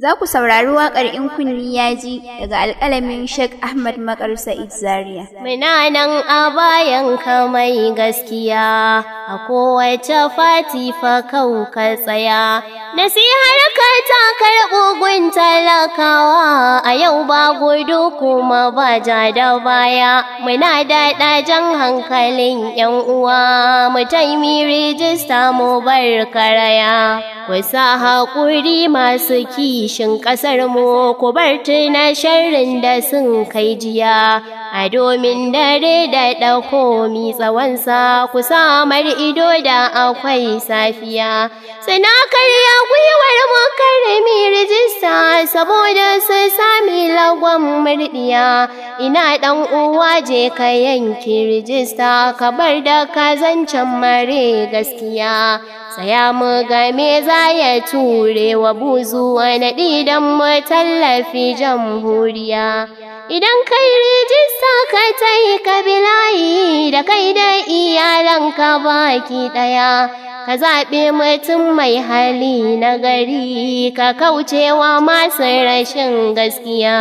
Za ku saurari waƙar in kunni ya ji daga alƙalamin Sheikh Ahmad Makar Sa'id Zaria. Muna nan a bayan ka mai gaskiya, a kowace fati fa kau ka tsaya. Nasihar ka ta karɓo gun talakawa, a yau ba gudu kuma ba ja da baya. Muna daɗa jan hankalin ‘yan uwa, mu taimi rijista mu bar karaya. Ku sa haƙuri masu kishi. kishin ƙasarmu ku bar tuna sharrin da sun kai jiya a domin dare da ɗauko mi tsawonsa kusa samar ido da akwai safiya sana karya gwiwar mukarrami rijista saboda sun sami lagon murɗiya ina ɗan uwa je ka yanki rijista ka bar da ka zancen mare gaskiya saya mu game za ya ture wa buzu wani ɗidan mu tallafi jamhuriya idan kai rijista ka ta ka kabilayi da kai da iyalanka baki ɗaya ka zaɓe mutum mai hali na gari ka kaucewa masu rashin gaskiya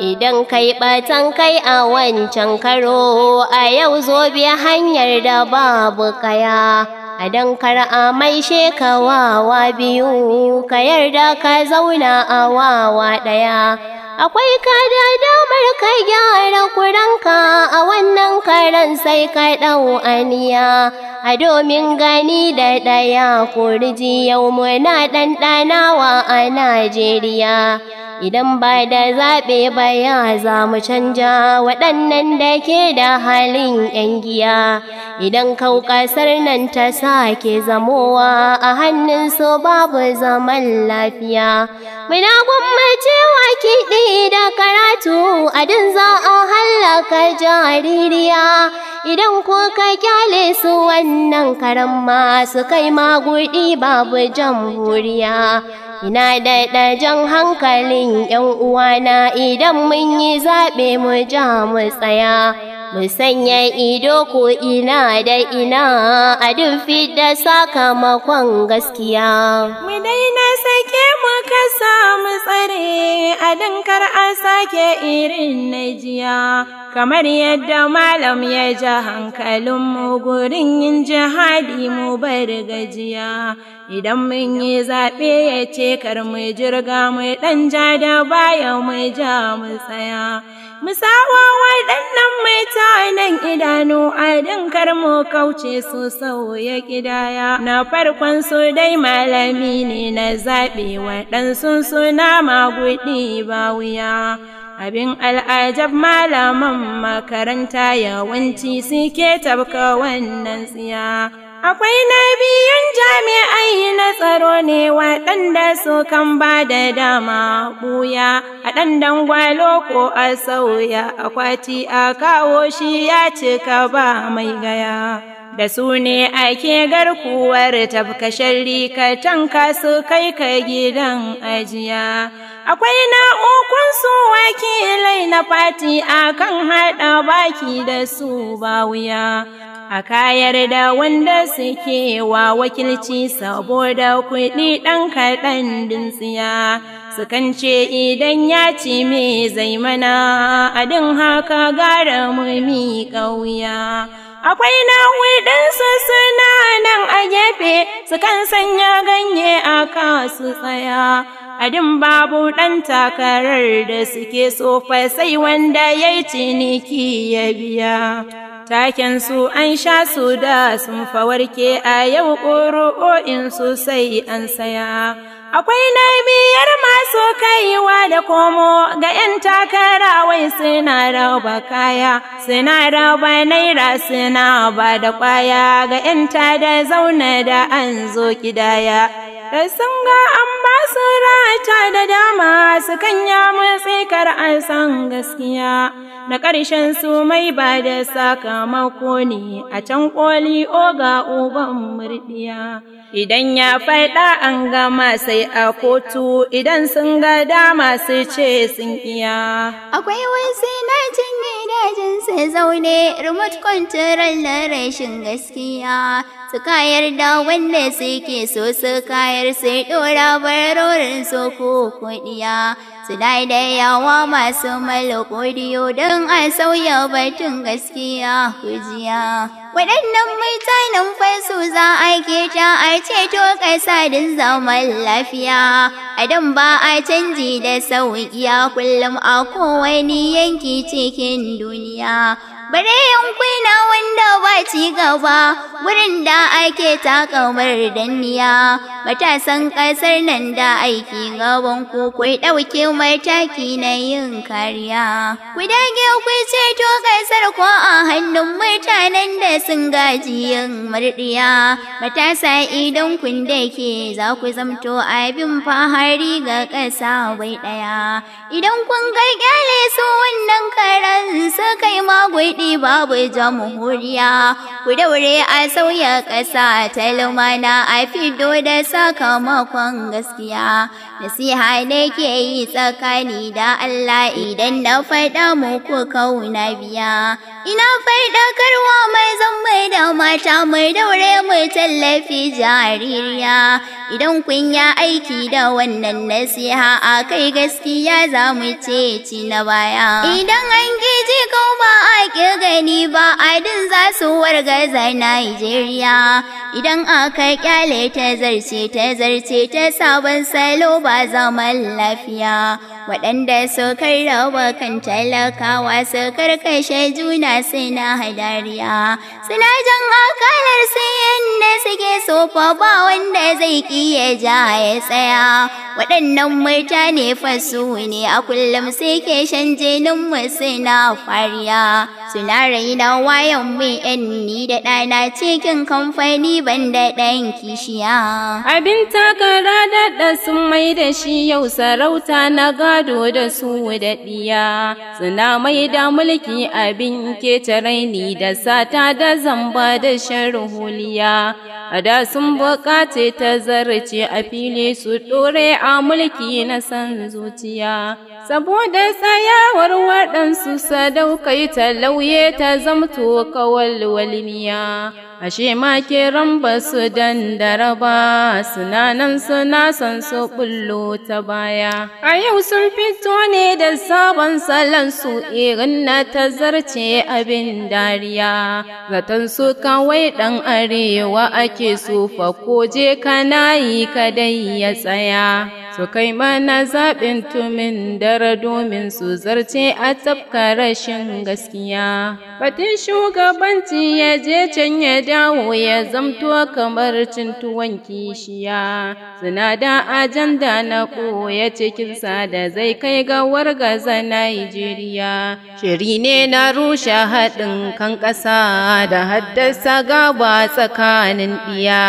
idan kai ɓatan kai a wancan karo a yau zo bi hanyar da babu kaya a dankar a mai shekawawa biyu ka yarda ka zauna a wawa ɗaya akwai ka damar ka gyara kuranka a wannan karen sai ka ɗau aniya a domin gani da ɗaya kurji yau muna ɗanɗanawa a Najeriya. Idan ba da zaɓe baya za mu canja waɗannan da ke da halin ‘yan giya, idan kau ƙasar nan ta sa ke zamowa a hannun su babu zaman lafiya. Muna gwammace wa kiɗi da karatu a din za a hallaka jaririya, idan ko ka kyale su wannan karamma su kai magudi babu jamhuriya. Ina da jan hankalin ‘yan uwana idan mun yi zaɓe mu ja mu tsaya. Mu sanya ido ko ina da ina a duk da sakamakon gaskiya. Mu daina sake mu kasa mu tsare a dinkar a sake irin na jiya. Kamar yadda malam ya ji hankalin mu gurin yin jihadi mu bar gajiya. Idan mun yi zaɓe ya ce kar mu jirga mu ɗan ja da baya mu ja mu tsaya. Musawa waɗannan mai nan idanu a dinkar mu kauce su sauya ƙidaya. Na farkon su dai malami ne na zaɓe waɗansu suna maguɗi ba wuya. abin al'ajab malaman makaranta yawanci suke tabka wannan tsiya. Akwai na biyun jami'ai na tsaro ne waɗanda su kan ba da dama ɓuya a ɗan dangwalo ko a sauya akwati a kawo shi ya cika ba mai gaya. Da su ne ake garkuwar tafkashen rikatan ka su kai ka gidan ajiya. Akwai na su wakilai na fati a kan haɗa baki da su ba wuya, a kayar da wanda suke wa wakilci saboda kuɗi ɗan kaɗan dintsiya sukan ce idan ya ci me zai mana adin haka gara mu ƙauya akwai na'udinsu suna nan a gefe sukan sanya ganye a kasu tsaya adin babu ɗan takarar da suke so sai wanda ya yi ciniki ya biya. taken su an sha su da sun fawarke a yau ƙoro'o'in sosai an saya. Akwai naimiyar masu kaiwa da komo ga ‘yan takara wai suna raba kaya, suna raba naira suna ba da kwaya ga ‘yan ta da zauna da an zo kidaya. Da sun ga an ba su rata da dama su kanya ya mutsi matuƙar an san gaskiya, na ƙarshen su mai ba da sakamako ne a can ƙoli oga uban murɗiya. Idan ya faɗa an gama sai a kotu idan sun ga dama sai ce sun iya. Akwai wasu na cin gidajen sai zaune remote control na rashin gaskiya. Su kayar da wanda suke so su kayar sai ɗora barorin so ko kuɗiya. Su da yawa masu malakodiyo don a sauya batun gaskiya kujiya. waɗannan mutanen faisu za a ke keta a ceto ƙasa din zaman lafiya adan ba a canji da sauƙiya kullum a kowane yanki cikin duniya bare yankuna wanda ba ci gaba wurin da ake takamar danniya matasan ƙasar nan da aiki gaban ku kai ɗauke mataki na yin kariya ku dage ku ceto ƙasar ko a hannun mutanen da sun gaji yin murɗiya matasa idan kun dake za ku zamto abin fahari ga ƙasa bai ɗaya idan kun ga su wannan karan su kai magwai kuɗi babu jamhuriya kudaure a sauya ƙasa ta lumana a fido da sakamakon gaskiya nasiha da ke yi tsakani da Allah idan na faɗa muku kauna biya ina faɗakarwa mai zan da mata mai daure mai tallafi jaririya idan kun ya aiki da wannan nasiha a kai gaskiya za mu ce ci na baya idan an giji ko ba a ƙi gani ba din za su wargaza Najeriya idan aka kyale ta zarce ta zarce ta sabon salo ba zaman lafiya waɗanda su raba kan talakawa su karkashe juna na hadariya suna jan akalar su yadda suke sofa ba wanda zai ƙi iya ya ja ya tsaya waɗannan ne fasu ne a kullum sai ke shan jinin mu na fariya su na wayan mai yan ni da ɗana cikin kamfani ban da ɗan kishiya. Abin takara daɗa sun mai da shi yau sarauta na gado da su da ɗiya. Suna mai da mulki abin ke raini da sata da zamba da sharuhuliya A da sun buƙace ta zarce a fili su ɗore a mulki na san zuciya. Saboda tsayawar waɗansu sadaukai talauyi juye ta zamto kawalwalmiya, ashe ma ke ramba su dan ba suna nan suna san su bullo ta baya a yau sun fito ne da sabon salon su irin na zarce abin dariya zaton su kawai dan arewa ake sufa ko je kana yi kadai ya tsaya su kai mana zaɓin tumin dare domin su zarce a tsabka rashin gaskiya. Batun shugabanci ya je can ya dawo ya zamto kamar cin tuwon kishiya, suna da ajanda na koya cikinsa da zai kai ga wargaza Najeriya. Shiri ne na rushe haɗin kan ƙasa da haddasa gaba tsakanin ɗiya.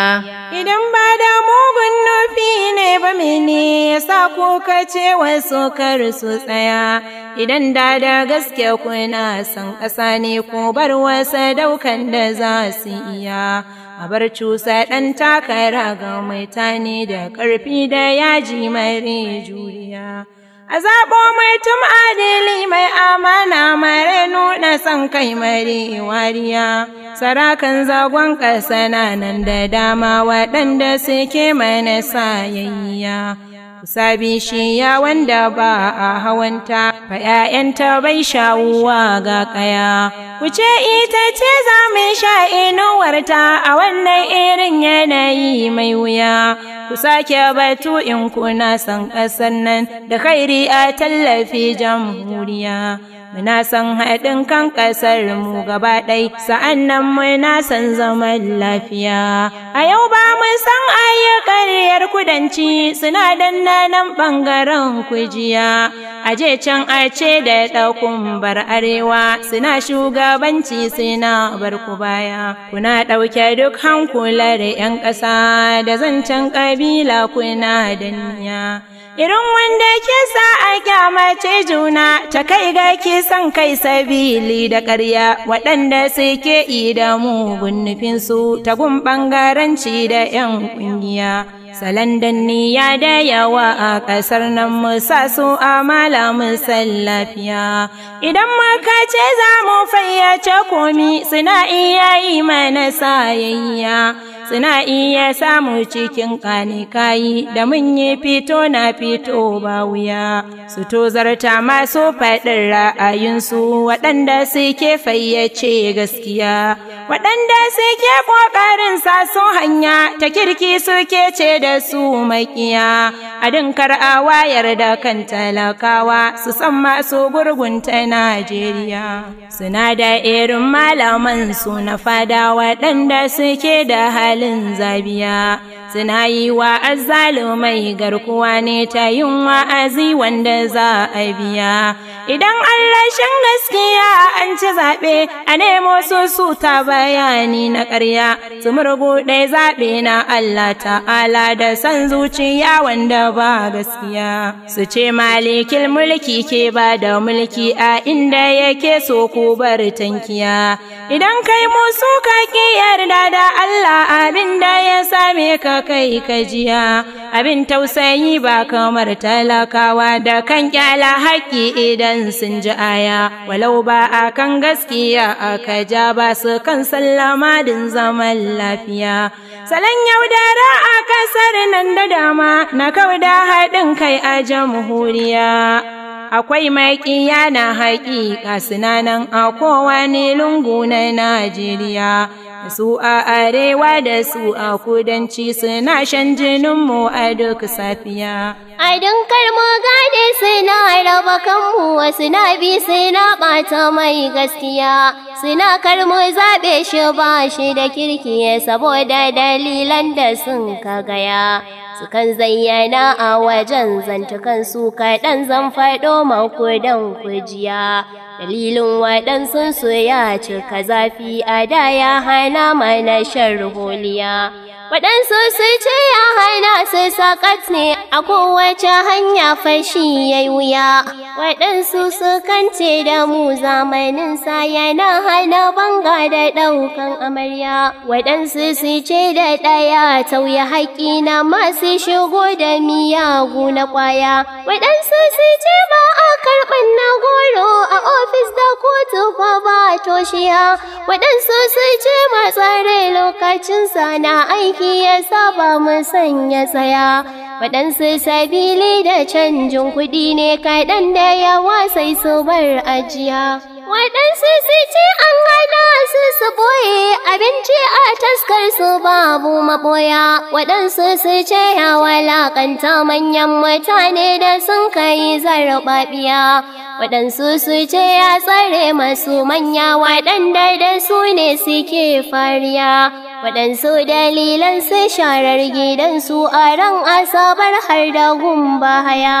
Idan ba da mugun nufi ne ba mene me yasa kuka ce wasu sokar su tsaya idan da da gaske kuna san ƙasa ne ko bar wasa daukan da za su iya a bar cusa ɗan takara ga tani da ƙarfi da yaji mare juriya a zaɓo mai tum adili mai amana mare nuna son kai mare wariya sarakan zagon ƙasa na nan da dama waɗanda suke mana sayayya shi ya wanda ba a hawanta, fa ‘ya'yanta bai shawuwa ga ƙaya. Wuce ita ce za mu sha inuwarta a wannan irin yanayi mai wuya. Ku sake batu in kuna son ƙasar nan da kairi a tallafi jamhuriya. Muna san haɗin kan ƙasar mu gaba ɗai, sa'an nan muna son zaman lafiya. A yau ba mun san ayyukan kudanci suna danna nan ɓangaren kujiya. Aje can a ce da ɗaukun bar arewa suna shugabanci suna bar ku baya. Kuna ɗauke duk hankular 'yan ƙasa da zancen ƙabila kuna danniya. Irin wanda ke sa a kyamace juna ta kai ga kisan kai sabili da ƙarya waɗanda suke ida mu mugun nufinsu ta gun ɓangaranci da 'yan ƙungiya. Salon danniya da yawa a ƙasar nan musa su amala musan lafiya. Idan maka ce za mu fayyace komi suna iya yi mana sayayya. Sina'i ya samu cikin kani kayi da mun yi fito na fito ba wuya. Su tozarta masu faɗin ra'ayinsu waɗanda suke fayyace gaskiya. waɗanda suke ƙoƙarin sa su hanya ta kirki suke ce da su maƙiya a dinkar a wayar da kan talakawa su san masu gurgunta Najeriya suna da irin malaman su na fada waɗanda suke da halin zabiya suna yi wa azzalumai garkuwa ne ta yin wa'azi wanda za a biya idan an rashin gaskiya an ci zaɓe a nemo su su ta bayani na ƙarya su murbuɗe zaɓe na Allah ta'ala da san zuciya wanda ba gaskiya su ce malikin mulki ke ba da mulki a inda yake so ku bar tankiya idan kai musu kaki yarda da Allah abin da ya same ka kai ka jiya abin tausayi ba kamar talakawa da kan kyala haƙƙi idan sun ji aya walau ba a kan gaskiya aka ja ba su kan sallama din zaman lafiya salon yaudara a ƙasar nan da dama na kauda haɗin kai a jamhuriya akwai maƙiya na haƙiƙa sinanan a kowane lungu na Najeriya. Su a arewa da su a kudanci suna shan jininmu a duk safiya. A dunkar mu gane suna raba kanmu wasu na bi suna ɓata mai gaskiya. Suna kar mu zaɓe shi ba shi da kirki saboda dalilan da sun ka gaya. Sukan zayyana a wajen zantukan su kaɗan zan faɗo makudan kujiya. Dalilin waɗansu sun ya cika zafi a da ya hana mana shan ruholiya. Waɗansu sun ce ya hana su sakat ne a kowace hanya fashi ya wuya. Waɗansu su kance da mu sa. yana hana banga da ɗaukan amarya. Waɗansu su ce da ɗaya tauye haƙƙi na masu shigo da miyagu na ƙwaya. Waɗansu su ce ba a karɓar na goro a ofis da kotu fa ba toshiya. Waɗansu su ce ba tsare lokacinsa na aiki. ki ya saba mu sanya tsaya waɗansu sabili da canjin kuɗi ne kaɗan da yawa sai su bar ajiya waɗansu su ce an gada su su boye abinci a taskar su babu maɓoya waɗansu su ce ya walakanta manyan mutane da sun kai zarɓaɓiya waɗansu su ce ya tsare masu manya waɗanda da su ne suke fariya waɗansu dalilan sai sharar gidansu a ran asabar har da gumba haya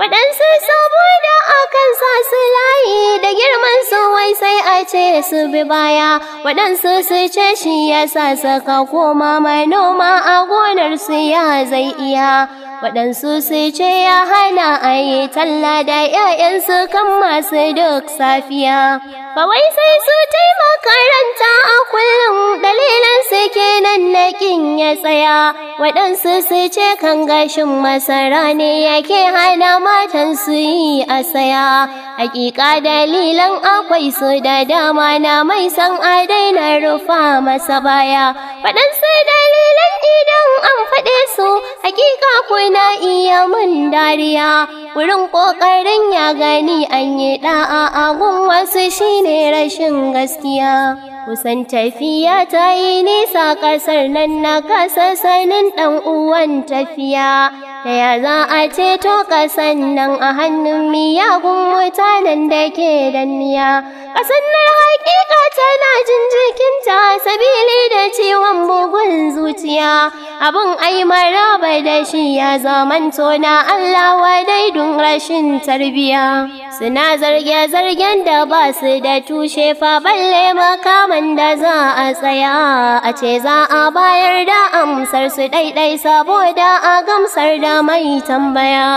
waɗansu saboda akan sa su layi da girman su wai sai a ce su bi baya waɗansu su ce shi ya sa saka koma manoma a gonar su ya zai iya waɗansu su ce ya hana a yi talla da 'ya'yansu kan masu duk safiya Bawai sai su taimaka ranta a kullum dalilan su ke nan na kin ya tsaya waɗansu su ce kan gashin masara ne yake hana matan su yi a saya hakika dalilan akwai su da dama na mai san a daina rufa masa baya waɗansu da an faɗe su hakika na iya mun dariya wurin ƙoƙarin ya gani an yi ɗa'a agun wasu shine rashin gaskiya kusan tafiya ta yi nisa ƙasar nan na kasa sanin ɗan uwan tafiya Ta za a ceto ƙasan nan a hannun miyagun mutanen da ke danniya. Ƙasan nan haƙiƙa tana jin jikinta sabili da ciwon bugun zuciya. Abin ai maraba da shi ya zamanto na Allah wa daidun rashin tarbiya. Suna zarge-zargen da ba su da tushe fa balle makaman da za a tsaya. A ce za a bayar da amsar su ɗaiɗai saboda a gamsar da mai tambaya